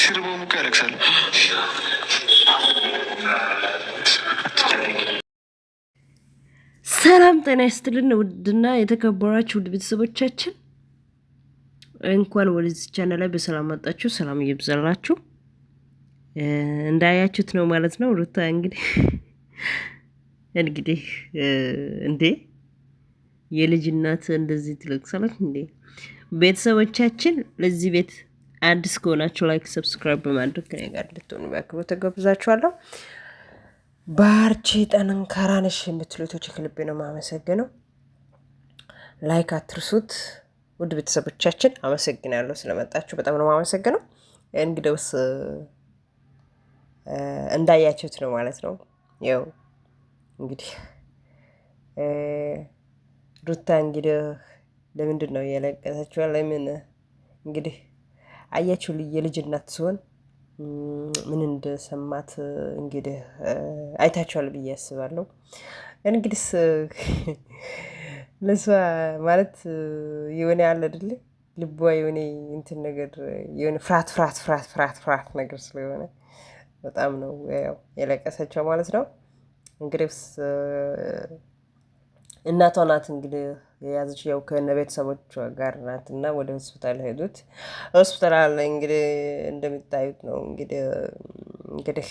ሲርቦም እኮ ያለቅሳል። ሰላም ጤና ይስጥልን። ውድና የተከበራችሁ ውድ ቤተሰቦቻችን እንኳን ወደዚህ ቻናል ላይ በሰላም መጣችሁ። ሰላም እየብዛላችሁ። እንዳያችሁት ነው ማለት ነው። ሩታ እንግዲህ እንግዲህ እንዴ የልጅ እናት እንደዚህ ትለቅሳለች እንዴ! ቤተሰቦቻችን ለዚህ ቤት አዲስ ከሆናችሁ ላይክ፣ ሰብስክራይብ በማድረግ ከኔ ጋር እንድትሆኑ በአክብሮት ተጋብዛችኋለሁ። ባርቺ ጠንካራ ነሽ የምትሉቶች ከልቤ ነው የማመሰግነው። ላይክ አትርሱት። ውድ ቤተሰቦቻችን አመሰግናለሁ ስለመጣችሁ፣ በጣም ነው የማመሰግነው። እንግዲያውስ እንዳያችሁት ነው ማለት ነው። ያው እንግዲህ ሩታ እንግዲህ ለምንድን ነው እያለቀሳችኋል? ለምን እንግዲህ አያችሁ የልጅነት ሲሆን ምን እንደሰማት እንግዲህ አይታችኋል ብዬ ያስባለሁ። እንግዲስ ለሷ ማለት የሆነ ያለ አይደለ ልቧ የሆነ እንትን ነገር የሆነ ፍርሃት ፍርሃት ፍርሃት ፍርሃት ፍርሃት ነገር ስለሆነ በጣም ነው ያው የለቀሰቸው ማለት ነው እንግዲህ እናቷ ናት እንግዲህ የያዘች ያው ከነ ቤተሰቦች ጋር ናት እና ወደ ሆስፒታል ሄዱት። ሆስፒታል አለ እንግዲህ እንደሚታዩት ነው እንግዲህ እንግዲህ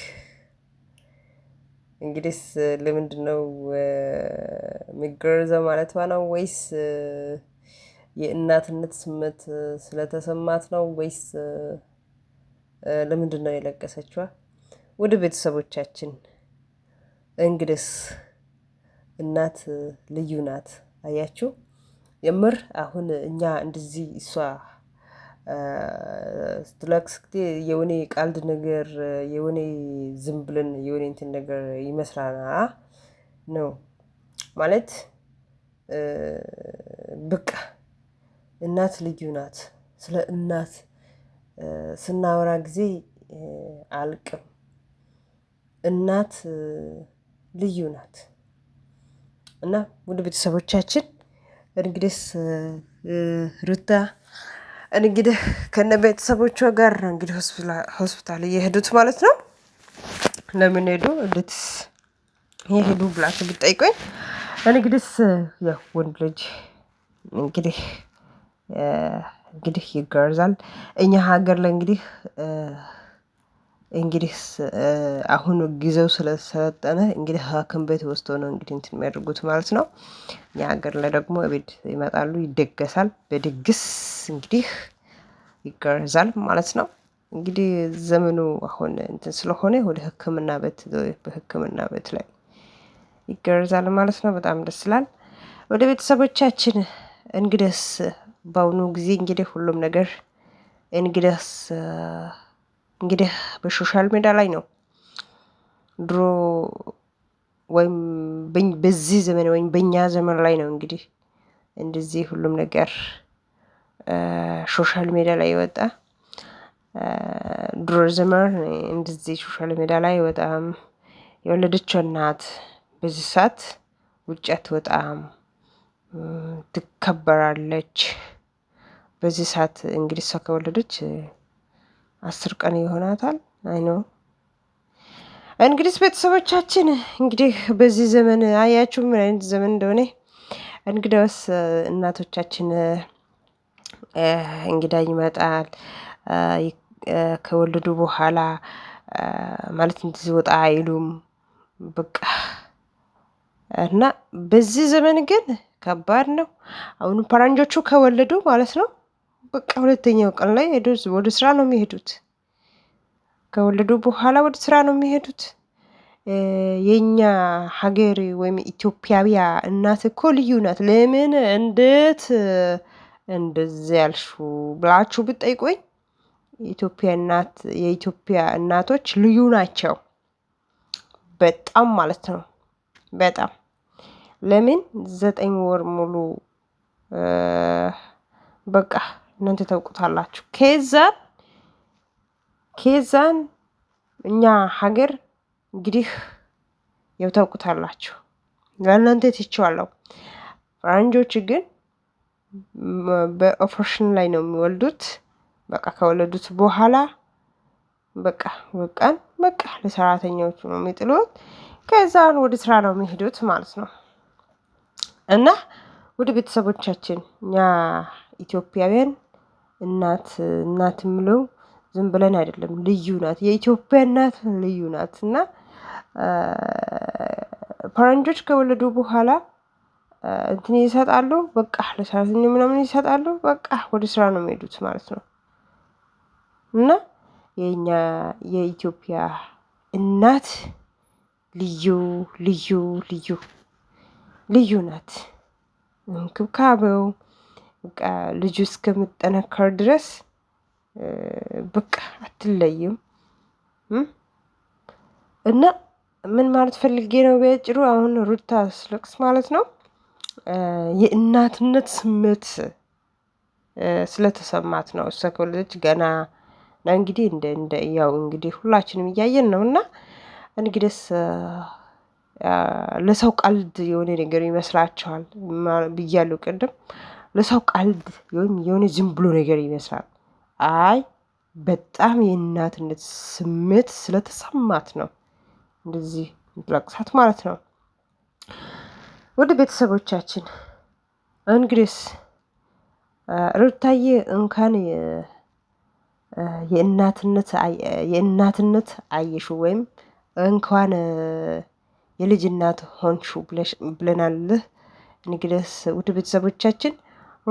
እንግዲህ ለምንድን ነው የሚገረዘው ማለት ነው? ወይስ የእናትነት ስሜት ስለተሰማት ነው? ወይስ ለምንድን ነው የለቀሰችዋ? ወደ ቤተሰቦቻችን እንግዲህ እናት ልዩ ናት። አያችሁ የምር አሁን እኛ እንደዚህ እሷ ስትለቅስ ጊዜ የሆነ ቀልድ ነገር የሆነ ዝም ብለን የሆነ እንትን ነገር ይመስላል ነው ማለት ብቃ እናት ልዩ ናት። ስለ እናት ስናወራ ጊዜ አልቅም። እናት ልዩ ናት። እና ውድ ቤተሰቦቻችን እንግዲህ ሩታ እንግዲህ ከነ ቤተሰቦቿ ጋር እንግዲህ ሆስፒታል እየሄዱት ማለት ነው። ለምን ሄዱ እንዴት የሄዱ ብላችሁ ብትጠይቁኝ እንግዲህ ያው ወንድ ልጅ እንግዲህ እንግዲህ ይገርዛል እኛ ሀገር ላይ እንግዲህ እንግዲህ አሁን ጊዜው ስለሰለጠነ እንግዲህ ሐኪም ቤት ወስዶ ነው እንግዲህ እንትን የሚያደርጉት ማለት ነው። እኛ ሀገር ላይ ደግሞ ቤት ይመጣሉ፣ ይደገሳል። በድግስ እንግዲህ ይገረዛል ማለት ነው። እንግዲህ ዘመኑ አሁን እንትን ስለሆነ ወደ ሕክምና ቤት በሕክምና ቤት ላይ ይገረዛል ማለት ነው። በጣም ደስ ይላል። ወደ ቤተሰቦቻችን እንግዲህስ በአሁኑ ጊዜ እንግዲህ ሁሉም ነገር እንግዲህስ እንግዲህ በሶሻል ሜዳ ላይ ነው። ድሮ ወይም በዚህ ዘመን ወይም በእኛ ዘመን ላይ ነው እንግዲህ እንደዚህ ሁሉም ነገር ሶሻል ሜዳ ላይ ይወጣ። ድሮ ዘመን እንደዚህ ሶሻል ሜዳ ላይ ወጣም የወለደችው እናት በዚህ ሰዓት ውጭ አትወጣም፣ ትከበራለች። በዚህ ሰዓት እንግዲህ እሷ ከወለደች አስር ቀን ይሆናታል። አይኖ እንግዲህ ቤተሰቦቻችን እንግዲህ በዚህ ዘመን አያችሁ ምን አይነት ዘመን እንደሆነ። እንግዳውስ እናቶቻችን እንግዳ ይመጣል ከወለዱ በኋላ ማለት እንደዚህ ወጣ አይሉም በቃ እና በዚህ ዘመን ግን ከባድ ነው። አሁን ፈረንጆቹ ከወለዱ ማለት ነው በቃ ሁለተኛው ቀን ላይ ወደ ስራ ነው የሚሄዱት። ከወለዱ በኋላ ወደ ስራ ነው የሚሄዱት። የኛ ሀገር ወይም ኢትዮጵያዊያ እናት እኮ ልዩ ናት። ለምን እንዴት እንደዚ ያልሹ ብላችሁ ብጠይቆኝ የኢትዮጵያ እናት የኢትዮጵያ እናቶች ልዩ ናቸው። በጣም ማለት ነው። በጣም ለምን ዘጠኝ ወር ሙሉ በቃ እናንተ ታውቁታላችሁ። ከዛን ከዛን እኛ ሀገር እንግዲህ ያው ታውቁታላችሁ፣ ለእናንተ ትቼዋለሁ። ፈረንጆች ግን በኦፕሬሽን ላይ ነው የሚወልዱት። በቃ ከወለዱት በኋላ በቃ በቃን በቃ ለሰራተኛዎቹ ነው የሚጥሉት። ከዛን ወደ ስራ ነው የሚሄዱት ማለት ነው። እና ወደ ቤተሰቦቻችን እኛ ኢትዮጵያውያን እናት እናት የምለው ዝም ብለን አይደለም ልዩ ናት የኢትዮጵያ እናት ልዩ ናት። እና ፈረንጆች ከወለዱ በኋላ እንትን ይሰጣሉ በቃ ለሰራተኛ ምናምን ይሰጣሉ በቃ ወደ ስራ ነው የሚሄዱት ማለት ነው። እና የኛ የኢትዮጵያ እናት ልዩ ልዩ ልዩ ልዩ ናት። እንክብካቤው በቃ ልጁ እስከምጠነከር ድረስ በቃ አትለይም እና ምን ማለት ፈልጌ ነው በጭሩ አሁን ሩታ ስለቅስ ማለት ነው የእናትነት ስሜት ስለተሰማት ነው። እሷ ከወለደች ገና ነው እንግዲህ እንደ እንደ ያው እንግዲህ ሁላችንም እያየን ነው እና እንግዲህ ለሰው ቀልድ የሆነ ነገር ይመስላችኋል ብያለሁ ቅድም። ለሰው ቀልድ ወይም የሆነ ዝም ብሎ ነገር ይመስላል። አይ በጣም የእናትነት ስሜት ስለተሰማት ነው እንደዚህ ምትለቅሳት ማለት ነው። ወደ ቤተሰቦቻችን እንግዲስ ሩታዬ እንኳን የእናትነት የእናትነት አየሹ ወይም እንኳን የልጅ እናት ሆንሹ ብለናልህ። እንግዲስ ውድ ቤተሰቦቻችን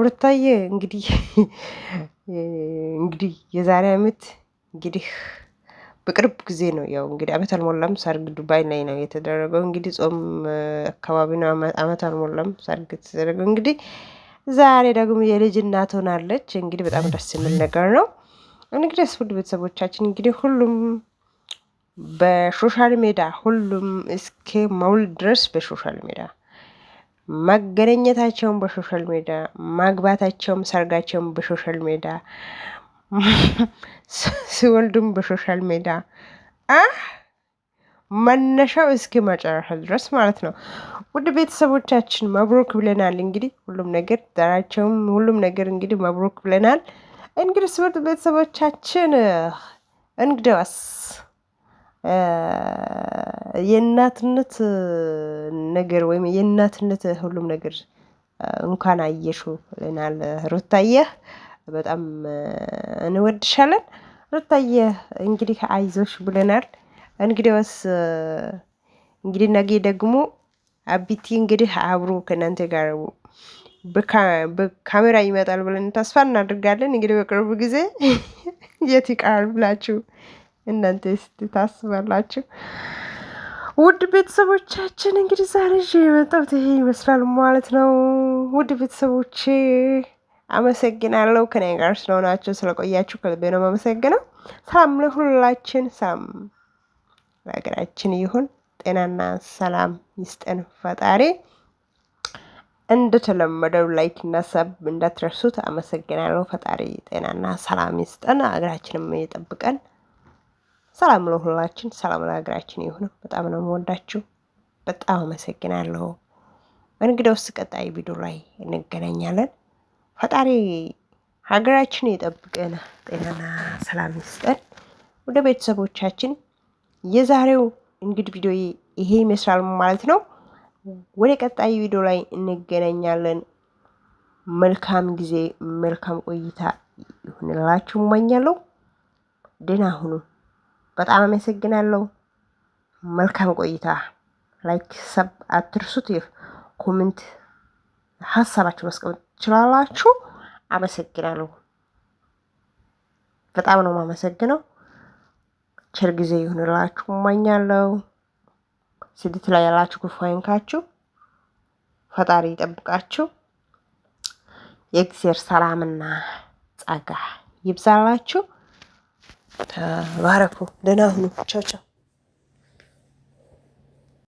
ሩታዬ እንግዲህ እንግዲህ የዛሬ አመት እንግዲህ በቅርብ ጊዜ ነው ያው እንግዲህ አመት አልሞላም ሰርግ ዱባይ ላይ ነው የተደረገው። እንግዲህ ጾም አካባቢ ነው አመት አልሞላም ሰርግ የተደረገው። እንግዲህ ዛሬ ደግሞ የልጅ እናት ሆናለች። እንግዲህ በጣም ደስ የሚል ነገር ነው። እንግዲህ ስፉድ ቤተሰቦቻችን እንግዲህ ሁሉም በሶሻል ሜዳ ሁሉም እስከ መውል ድረስ በሶሻል ሜዳ መገናኘታቸውን በሶሻል ሜዳ ማግባታቸውም ሰርጋቸውም በሶሻል ሜዳ ሲወልዱም በሶሻል ሜዳ አ መነሻው እስኪ መጨረሻ ድረስ ማለት ነው። ውድ ቤተሰቦቻችን መብሮክ ብለናል። እንግዲህ ሁሉም ነገር ዳራቸውም ሁሉም ነገር እንግዲህ መብሮክ ብለናል። እንግዲህ ውድ ቤተሰቦቻችን እንግዲያውስ የእናትነት ነገር ወይም የእናትነት ሁሉም ነገር እንኳን አየሹ ይለናል ሩታየህ በጣም እንወድሻለን። ሩታየህ እንግዲህ አይዞሽ ብለናል። እንግዲያውስ እንግዲህ ነገ ደግሞ አቢቲ እንግዲህ አብሮ ከእናንተ ጋር በካሜራ ይመጣል ብለን ተስፋ እናደርጋለን። እንግዲህ በቅርቡ ጊዜ የት ይቃል ብላችሁ እናንተ ስት ታስባላችሁ? ውድ ቤተሰቦቻችን እንግዲህ ዛሬ ይዤ የመጣሁት ይሄ ይመስላል ማለት ነው። ውድ ቤተሰቦቼ አመሰግናለሁ ከኔ ጋር ስለሆናችሁ ስለቆያችሁ ከልቤ ነው የማመሰግነው። ሰላም ለሁላችን፣ ሰላም ለሀገራችን ይሁን። ጤናና ሰላም ይስጠን ፈጣሪ። እንደተለመደው ላይክ እና ሰብ እንዳትረሱት። አመሰግናለሁ። ፈጣሪ ጤናና ሰላም ይስጠን፣ ሀገራችንም ይጠብቀን። ሰላም ለሁላችን፣ ሰላም ለሀገራችን ይሁን። በጣም ነው የምወዳችሁ። በጣም አመሰግናለሁ። እንግዲያውስ ቀጣይ ቪዲዮ ላይ እንገናኛለን። ፈጣሪ ሀገራችን የጠብቀን፣ ጤናና ሰላም ይስጠን። ወደ ቤተሰቦቻችን የዛሬው እንግዲህ ቪዲዮ ይሄ ይመስላል ማለት ነው። ወደ ቀጣይ ቪዲዮ ላይ እንገናኛለን። መልካም ጊዜ፣ መልካም ቆይታ ይሁንላችሁ እመኛለሁ። ደህና ሁኑ። በጣም አመሰግናለሁ። መልካም ቆይታ። ላይክ ሰብ አትርሱት። ኮሜንት ሀሳባችሁ ማስቀመጥ ትችላላችሁ። አመሰግናለሁ። በጣም ነው የማመሰግነው። ቸር ጊዜ ይሁንላችሁ እመኛለሁ። ስደት ላይ ያላችሁ ክፉ አይንካችሁ፣ ፈጣሪ ይጠብቃችሁ። የእግዜር ሰላምና ጸጋ ይብዛላችሁ። ተባረኩ። ደህና ሁኑ። ቻው ቻው።